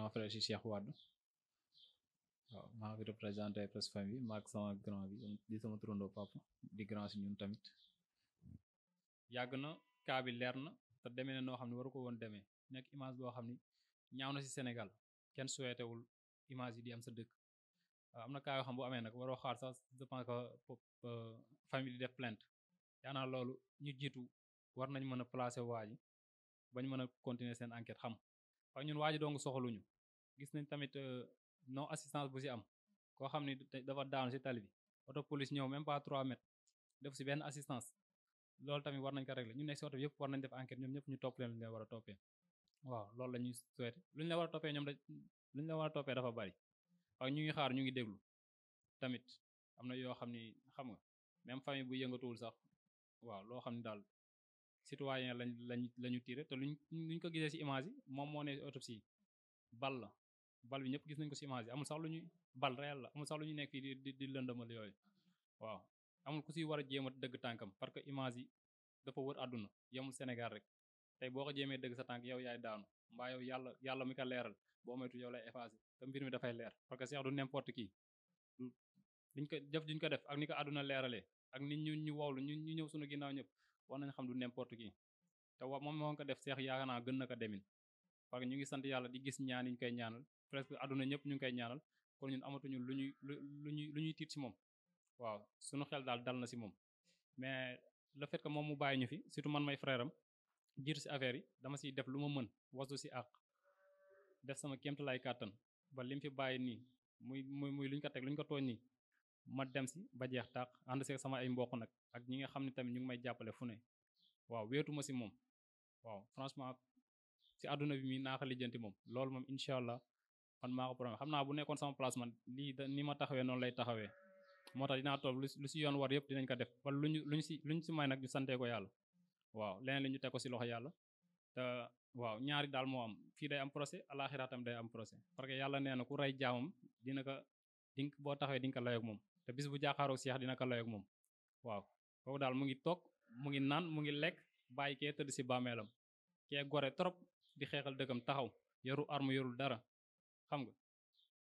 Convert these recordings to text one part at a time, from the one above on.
grand frère si Cheikh Wade waaw maa ngi représenté presque famille maag sama grand bi di sama turandoo papa di grand si ñun tamit yàgg na cas bi leer na te demee na noo xam ne waru ko woon demee nekk image boo xam ne ñaaw na si Sénégal kenn souhaité wul image yi di am sa dëkk waaw am na cas xam bu amee nag waroo xaar sax je pense que famille di def plainte yaanaa loolu ñu jiitu war nañ mën a placer waa bañ mën a continuer seen enquête xam waaye ñun waa ji dong soxaluñu gis nañ tamit euh, non assistance bu si am koo xam ni dafa daanu si tali bi auto police ñëw même pas 3 mètres def si benn assistance loolu tamit war nañ ko régler ñu nekk si oto bi yëpp war nañ def enquête ñoom ñëpp ñu topp leen lu ñu la war a toppee waaw loolu la ñuy souhaité lu ñu la war a toppee ñoom da lu ñu la war a toppee dafa bari ak ñu ngi xaar ñu ngi déglu tamit am na yoo xam ni xam nga même famille bu yëngatuwul sax waaw loo xam ni daal citoyen lañ lañ lañu tiré te luñ luñ ko gisee si image yi moom moo ne autopsie bal la bal bi ñëpp gis nañ ko ci image yi amul sax luñu bal réel la amul sax luñu nekk fii di di di lëndamal yooyu waaw amul ku ci war a jéem a dëgg tànkam parce que image yi dafa wër àdduna yemul Sénégal rek tey boo ko jéemee dëgg sa tànk yow yaay daanu mbaa yow yàlla yàlla mi ko leeral boo moytu yow lay effacé te mbir mi dafay leer parce que Cheikh du n'importe qui du liñ ko jëf duñ ko def ak ni ko àdduna leeralee ak nit ñu ñu wowlu ñu ñu ñëw suñu ginnaaw ñëpp war nañ xam du n'importe qui te moom moo ko def Cheikh yaakaar naa gën na ko demin parce que ñu ngi sante yalla di gis ñaan yi ñu koy ñaanal presque aduna ñëpp ñu koy ñaanal kon ñun amatuñu luñuy luñuy waaw suñu xel dal dal na me mom mais le fait que mom mu ñu fi surtout man may fréram jir ci si affaire yi dama ci def luma mën wasu si ak def sama lay katan ba lim fi bay ni muy muy muy luñ ko tek luñ ko tooñ ni ma dem ci ba jeex tak and ci sama ay mbokk nak ak ñi nga xamni ne tamit ñu ngi may jappalé fu ne waaw wétuma ci mom waaw franchement ci aduna bi mi naaxa lijjanti mom loolu mom mom allah man mako ko promet bu nekkon sama place man li ni ma taxawé non lay taxawé motax dina tok lu ci yoon war yépp dinañ ko def ba luñu luñ ci luñ ci may nak ñu santé ko yalla waaw leneen li ñu teg ko si loxo yalla te waaw ñaari dal mo am fi day am procès alakhiratam day am procès parce que yalla ku ray dina ko dink bo taxawé dink ko layoog mom te bis bu jaxaro seex dina ko layoog mom waaw kooku dal mu ngi tok mu ngi nan mu ngi lek gore trop di xeexal dëkkam taxaw yoru arme yorul dara xam nga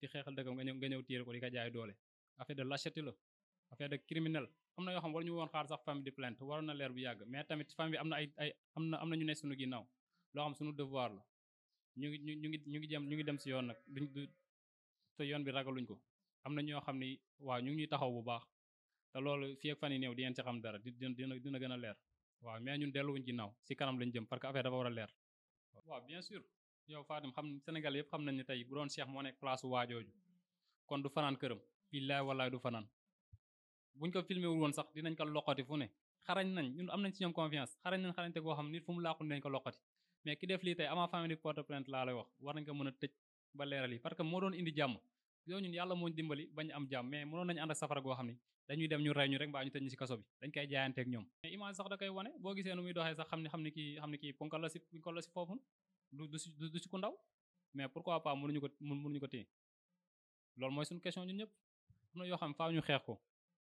di xeexal dëkkam nga ñëw nga ko di ko jaay doole affaire de lâcheté la affaire de criminel am na yoo xam war ñu woon xaar sax famille di plainte waroon na leer bu yàgg mais tamit la ñu ngi ñu ngi ñu ngi jëm ñu ngi dem si yoon nag duñ du te yoon bi ragaluñ ko am na ñoo xam ni waaw ñu ngi ñuy taxaw bu baax te loolu fii ak fan yi néew di ngeen ci xam dara di dina dina gën a leer waaw mais ñun delluwuñ ginnaaw si kanam lañ jëm parce que dafa war a leer waaw bien sûr yow Fatim Sénégal yëpp xam nañ ne tey bu doon Cheikh moo nekk place waajooju kon du fanaan këram billaay wallaay du fanaan buñ ko filmé wul woon sax dinañ ko loqati fu ne xarañ nañ ñun am nañ ci ñoom confiance xarañ nañ xarañte goo xam nit fu mu laaqul ko loqati mais ki def lii tey ama famille porte plainte laa lay wax war ko mën a tëj ba leeral yi parce que moo doon indi jàmm yooyu ñun yalla mooñ dimbali bañ am jam mais mënon nañ and ak safara go xamni dañuy dem ñu ray ñu rek ba ñu tëj ci kasso bi dañ koy jaayanteeg ñoom mais image sax da koy wane bo gisee nu muy doxé sax xamni xamni ki xamni ki xam ne kii ponkal la ponkal la du du si du ci ku ndaw mais pourquoi pas ñu ko ñu ko téye lool moy suñu question ñun ñëpp am yo xam faaw ñu xex ko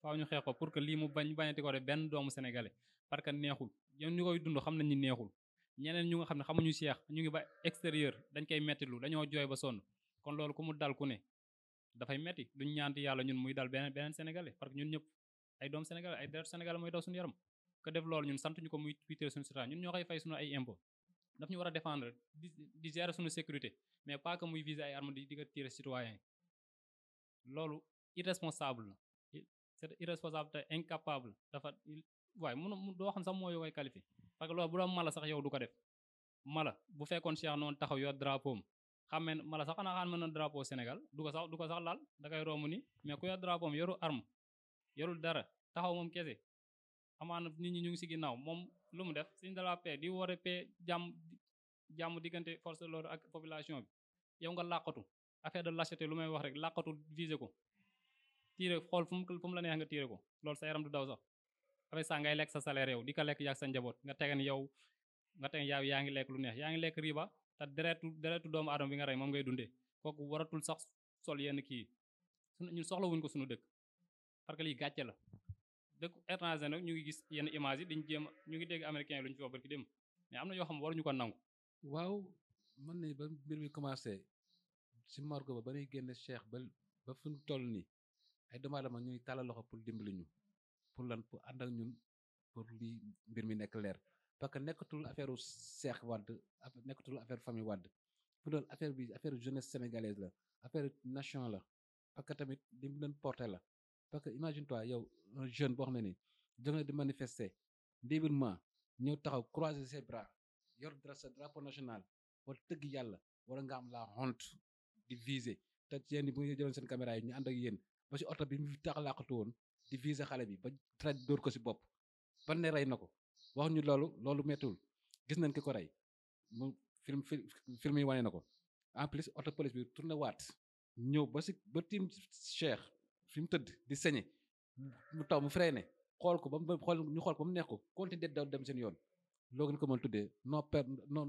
faaw ñu xex ko pour que li mu bañ bañati ko de benn doomu sénégalais parce que neexul ñu ñu koy dund xamnañ ni neexul ñeneen ñu nga xamni xamu ñu xex ñu ngi ba extérieur dañ koy lu dañoo joy ba son kon lool ku mu dal ku ne fay metti duñ ñaanti yalla ñun muy dal benen benen sénégalais parce que ñun ñëpp ay doom sénégalais ay deret sénégalais muy daw suñu yaram ke def lool ñun sant ñuko muy twitter suñu sita ñun ñokay fay suñu ay impôt daf ñu wara a défendre di gérer suñu sécurité mais pas que muy viser ay arme di diga tirer citoyen loolu irresponsable la c'est irresponsable ta incapable dafa way mu do xam sax moo yow koy parce que loolu bu do mala sax yow du ko def mala bu fekkon cheikh non taxaw yo drapeau xàmme mala sax xanaa xaan mën na drapeau Sénégal du ko sax du ko sax laal da koy romb ni mais ku yor drapeau am yoru arme yorul dara taxaw moom kese amaana nit ñi ñu ngi si ginnaaw moom lu mu def suñ de la di war a paix jàmm jàmm diggante force de l'ordre ak population bi yow nga làqatu affaire de lâcheté lu may wax rek làqatu viser ko tiire xool fu mu fu mu la neex nga tiire ko loolu sa yaram du daw sax affaire sax ngay lekk sa salaire yow di ko lekk yaa sa njaboot nga tegen yow nga teg yaa yaa ngi lekk lu neex yaa ngi lekk riba te deretu deretu doomu aadama bi nga rey moom ngay dundee kooku waratul sax sol yenn kii suñu ñu soxla wuñ ko suñu dëkk parce lii gàcce la dëkk étranger nag ñu ngi gis yenn image yi dañ jéem ñu ngi dégg américain yi lu ñu fi wax barki dem mais am na yoo xam waruñu ko nangu waaw man ne ba mbir mi commencé si morgue ba ba nuy génne cheikh ba ba fu toll nii ay doomu ñuy tàllal loxo pour dimbali ñu pour lan pour ànd ak ñun pour lii mbir mi nekk leer parce que nekkatul affaire u Seex Wàdd nekkatul affaire famille Wàdd fu doon affaire bi affaire jeunesse sénégalaise la affaire nation la parce que tamit li mu doon la parce que imagine toi yow un jeune boo xam ne ni jóg na di manifester librement ñëw taxaw croiser ses bras yor sa drapeau national wala tëgg yàlla wala nga am la honte di viser te yéen bu ñu jëloon seen caméra yi ñu ànd ak yéen ba si oto bi mu tax laqatu woon di viser xale bi ba traite dóor ko si bopp ba ne rey na ko wax ñu loolu loolu gis nañ ko film film yi wane en plus police bi tourné waat ñëw ba si ba tim Cheikh fi mu di mu taw mu freiné xool ko ba mu ñu xool ko mu neex dem seen yoon non per non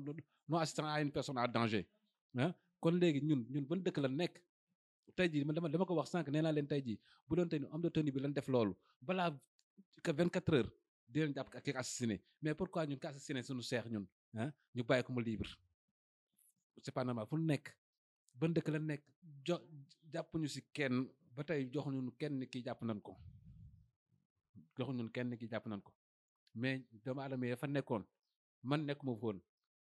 non assistant à une personne en danger ah kon léegi ñun ñun ban dëkk la nekk tey jii dama ko wax sànq nee naa leen bu bi def 24 heures di leen jàpp ak ki assassiné mais pourquoi ñun ki assassiné suñu seex ñun ah ñu bàyyi ko mu libre c'est pas normal fu nekk ban ndëkk la nekk jo jàppuñu si kenn ba tey joxuñu kenn ki jàpp nañ ko joxuñu kenn ki jàpp nañ ko mais doomu aadama ya fa nekkoon man nekkuma woon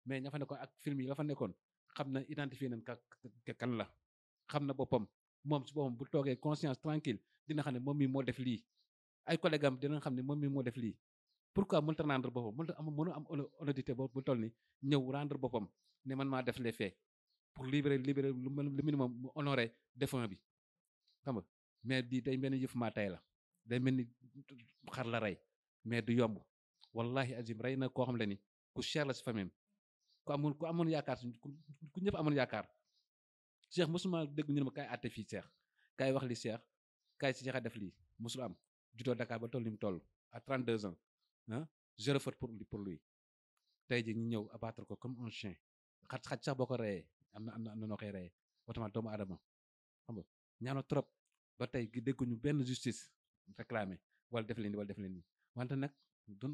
mais ña fa nekkoon ak film yi la fa nekkoon xam na identifié nañ ka kan la xam na boppam moom si boppam bu toogee conscience tranquille dina xam ne moom mii moo def lii ay collègue am dinañ xam ne moom mii moo def lii pourquoi ta rendre boppam mën am mënu am honnêteté bu tolni ni rendre boppam ne man ma def les faits pour libérer libérer le minimum mu honorer défunt bi xam nga mais di day ben ni ma tay la day melni xar la ray mais du yomb wallahi azim rey na xam la ni ku cher la ci famem ku amul ku amul yakar ku ñep amul yakar cheikh musulma dégg ñu ne ma kaay àtte fii cheikh kay wax li cheikh kay ci cheikh def li musul am dakar ba tol ni tol à 32 ans ah je le pour lui tey ji ñu ñëw abattre ko comme un chien xaj xaj sax boo ko reyee am na am na am na noo koy reyee autrement doomu aadama xam nga ñaano trop ba tey gi dégguñu benn justice réclamé wala def leen ni wala def leen wante nag du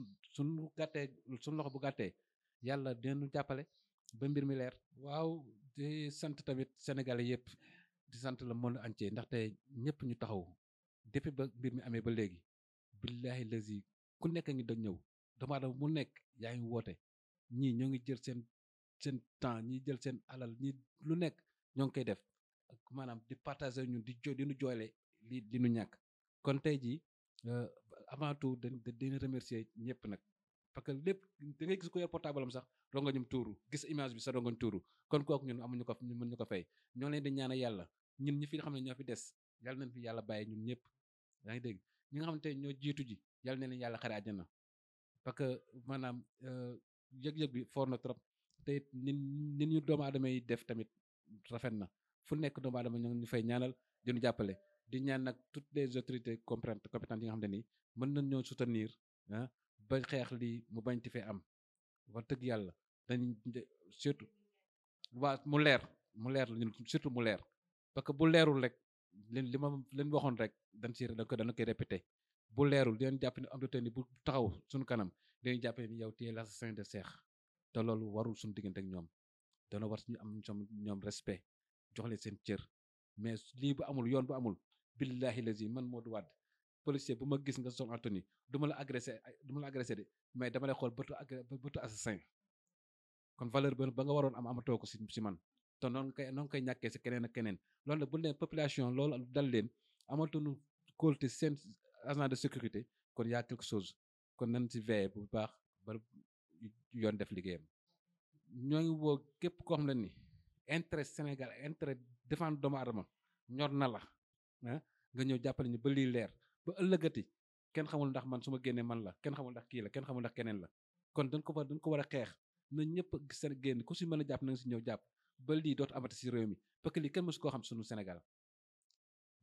suñu loxo bu gàttee yàlla dinañu jàppale ba mbir mi leer waaw di sant tamit sénégalais yëpp di sant le monde entier ndaxte ñëpp ñu taxaw depuis ba mbir mi amee ba léegi billahi ku nekk ngi doon ñëw doomu aadama mu nekk yaa ngi woote ñii ñoo ngi jël seen seen temps ñii jël seen alal ñii lu nekk ñoo ngi koy def ak maanaam di partager ñun di jo di nu joole li nu ñàkk kon tey jii euh, avant tout de dañ remercier ñëpp nag parce que lépp da ngay gis ku yor portable am sax rongoñum tuuru gis image bi sa rongoñ tuuru kon kooku ñun amuñu ko mën ñu ko fay ñoo leen di ñaanal yàlla ñun ñi fi xam ne ñoo fi des yàlla nañ fi yàlla bàyyi ñun ñëpp yaa ngi dégg ñi xam ne tey ñoo jiitu ji yal na leen yàlla xare àjjana parce que maanaam euh, yëg-yëg bi foor na trop te it nit ñu doomu adama yi def tamit rafet na fu nekk doomu aadama ñu ñu fay ñaanal di jàppale di ñaan nag toutes les autorités compétentes compétentes yi nga xam ne nii mën na ñoo soutenir ah ba xeex li mu bañ ti fee am wax dëgg yàlla dañ surtout waa mu leer mu leer la ñun surtout mu leer parce que bu leerul rek li li ma leen waxoon rek dañ si da ko dana koy répété bu leerul dinañ jàpp ne Amdy Tony bu taxaw suñu kanam dinañ jàpp ne yow téye l'assassin de Cheikh te loolu warul suñu diggante ak ñoom dana war suñu am ñoom mais lii bu amul yoon bu amul billahi lazi man Modou Wade policier bu ma gis nga sol Anthony du ma la agressé du la agressé de mais dama lay xool bëtu bëtu assassin kon valeur ba nga waroon am amatoo ko si si man te noonu koy noonu koy ñàkkee si keneen ak keneen loolu la bu leen population loolu dal leen amatuñu kóolte seen agent de sécurité kon y a quelque chose kon nañ ci veille bu baax ba yoon def liggéeyam ñoo ngi woo képp koo xam ne ni intérêt Sénégal intérêt défendre doomu adama ñor na la ah nga ñëw jàppale ñu ba lii leer ba ëllëgati kenn xamul ndax man suma ma man la kenn xamul ndax kii la kenn xamul ndax keneen la kon dañ ko war dañ ko war a xeex na ñëpp seen génn ku si mën a jàpp na nga si ñëw jàpp ba lii dootu amati si réew mi parce que lii kenn mësu koo xam sunu Sénégal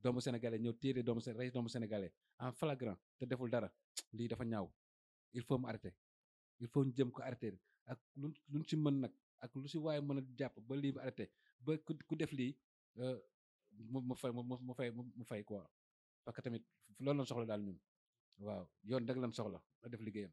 doomu sénégalais ñoo tiire doomu rey doomu sénégalais en flagrant te deful dara lii dafa ñaaw il faut mu arrêter il faut ñu jëm ko arrêter ak lu luñ ci mën nag ak lu si waaye mën a jàpp ba lii mu arrêter ba ku def lii euh, mu fay mu fay mu fay quoi parce que tamit soxla daal ñun waaw yoon rek lañ soxla a def liggéeyam